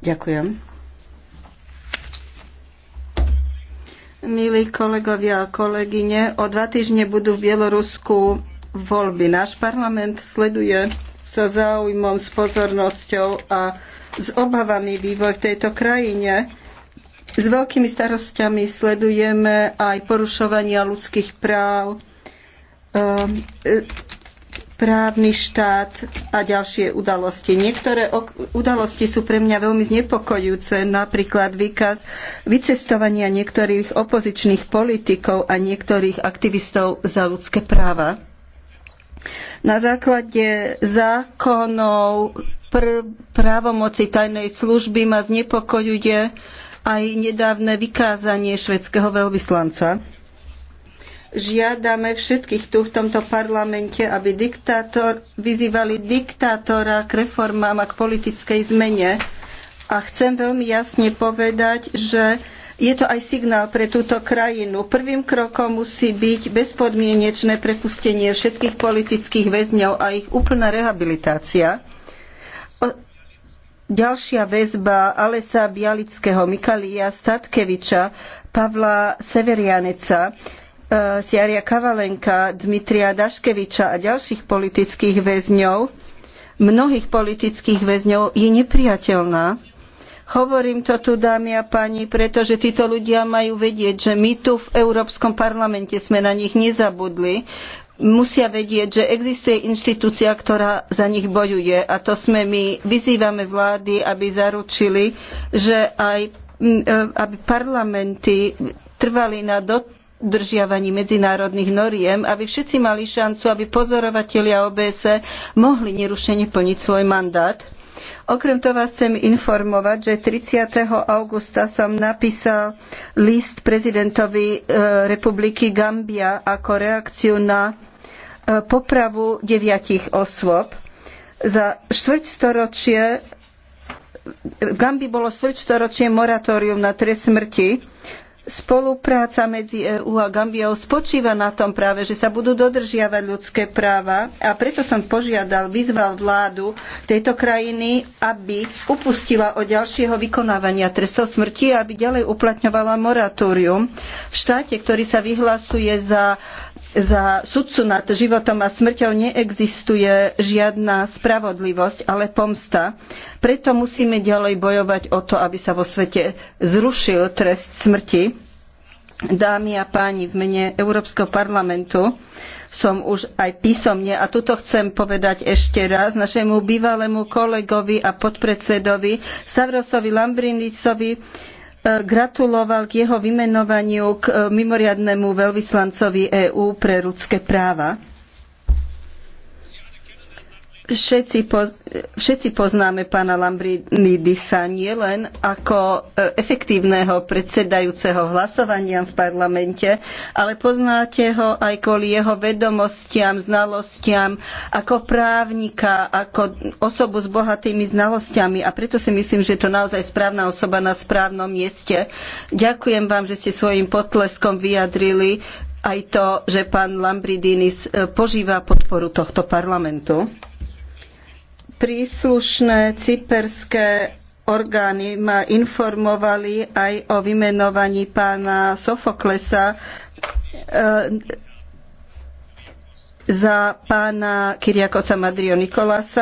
Ďakujem. Milí kolegovia a kolegyne, o dva týždne budú v Bielorusku voľby. Náš parlament sleduje so záujmom, s pozornosťou a s obavami vývoj v tejto krajine. S veľkými starostiami sledujeme aj porušovania ľudských práv, ehm, právny štát a ďalšie udalosti. Niektoré udalosti sú pre mňa veľmi znepokojujúce, napríklad výkaz vycestovania niektorých opozičných politikov a niektorých aktivistov za ľudské práva. Na základe zákonov pr- právomoci tajnej služby ma znepokojuje aj nedávne vykázanie švedského veľvyslanca žiadame všetkých tu v tomto parlamente, aby diktátor, vyzývali diktátora k reformám a k politickej zmene. A chcem veľmi jasne povedať, že je to aj signál pre túto krajinu. Prvým krokom musí byť bezpodmienečné prepustenie všetkých politických väzňov a ich úplná rehabilitácia. Ďalšia väzba Alesa Bialického, Mikalia Statkeviča, Pavla Severianeca, E, Siaria Kavalenka, Dmitria Daškeviča a ďalších politických väzňov, mnohých politických väzňov, je nepriateľná. Hovorím to tu, dámy a páni, pretože títo ľudia majú vedieť, že my tu v Európskom parlamente sme na nich nezabudli. Musia vedieť, že existuje inštitúcia, ktorá za nich bojuje. A to sme my. Vyzývame vlády, aby zaručili, že aj e, aby parlamenty trvali na dot dodržiavaní medzinárodných noriem, aby všetci mali šancu, aby pozorovatelia OBS mohli nerušene plniť svoj mandát. Okrem toho vás chcem informovať, že 30. augusta som napísal list prezidentovi e, republiky Gambia ako reakciu na e, popravu deviatich osôb. Za štvrťstoročie v Gambii bolo štvrťstoročie moratórium na trest smrti spolupráca medzi EÚ a Gambiou spočíva na tom práve, že sa budú dodržiavať ľudské práva a preto som požiadal, vyzval vládu tejto krajiny, aby upustila od ďalšieho vykonávania trestov smrti a aby ďalej uplatňovala moratórium v štáte, ktorý sa vyhlasuje za za sudcu nad životom a smrťou neexistuje žiadna spravodlivosť, ale pomsta. Preto musíme ďalej bojovať o to, aby sa vo svete zrušil trest smrti. Dámy a páni, v mene Európskeho parlamentu som už aj písomne a tuto chcem povedať ešte raz našemu bývalému kolegovi a podpredsedovi Savrosovi Lambrinicovi gratuloval k jeho vymenovaniu k e, mimoriadnemu veľvyslancovi EÚ pre ľudské práva. Všetci, poz, všetci poznáme pána Lambrinidisa nielen ako e, efektívneho predsedajúceho hlasovania v parlamente, ale poznáte ho aj kvôli jeho vedomostiam, znalostiam, ako právnika, ako osobu s bohatými znalostiami. a preto si myslím, že je to naozaj správna osoba na správnom mieste. Ďakujem vám, že ste svojim potleskom vyjadrili aj to, že pán Lambridinis e, požíva podporu tohto parlamentu. Príslušné cyperské orgány ma informovali aj o vymenovaní pána Sofoklesa e, za pána Kyriakosa Madrio Nikolasa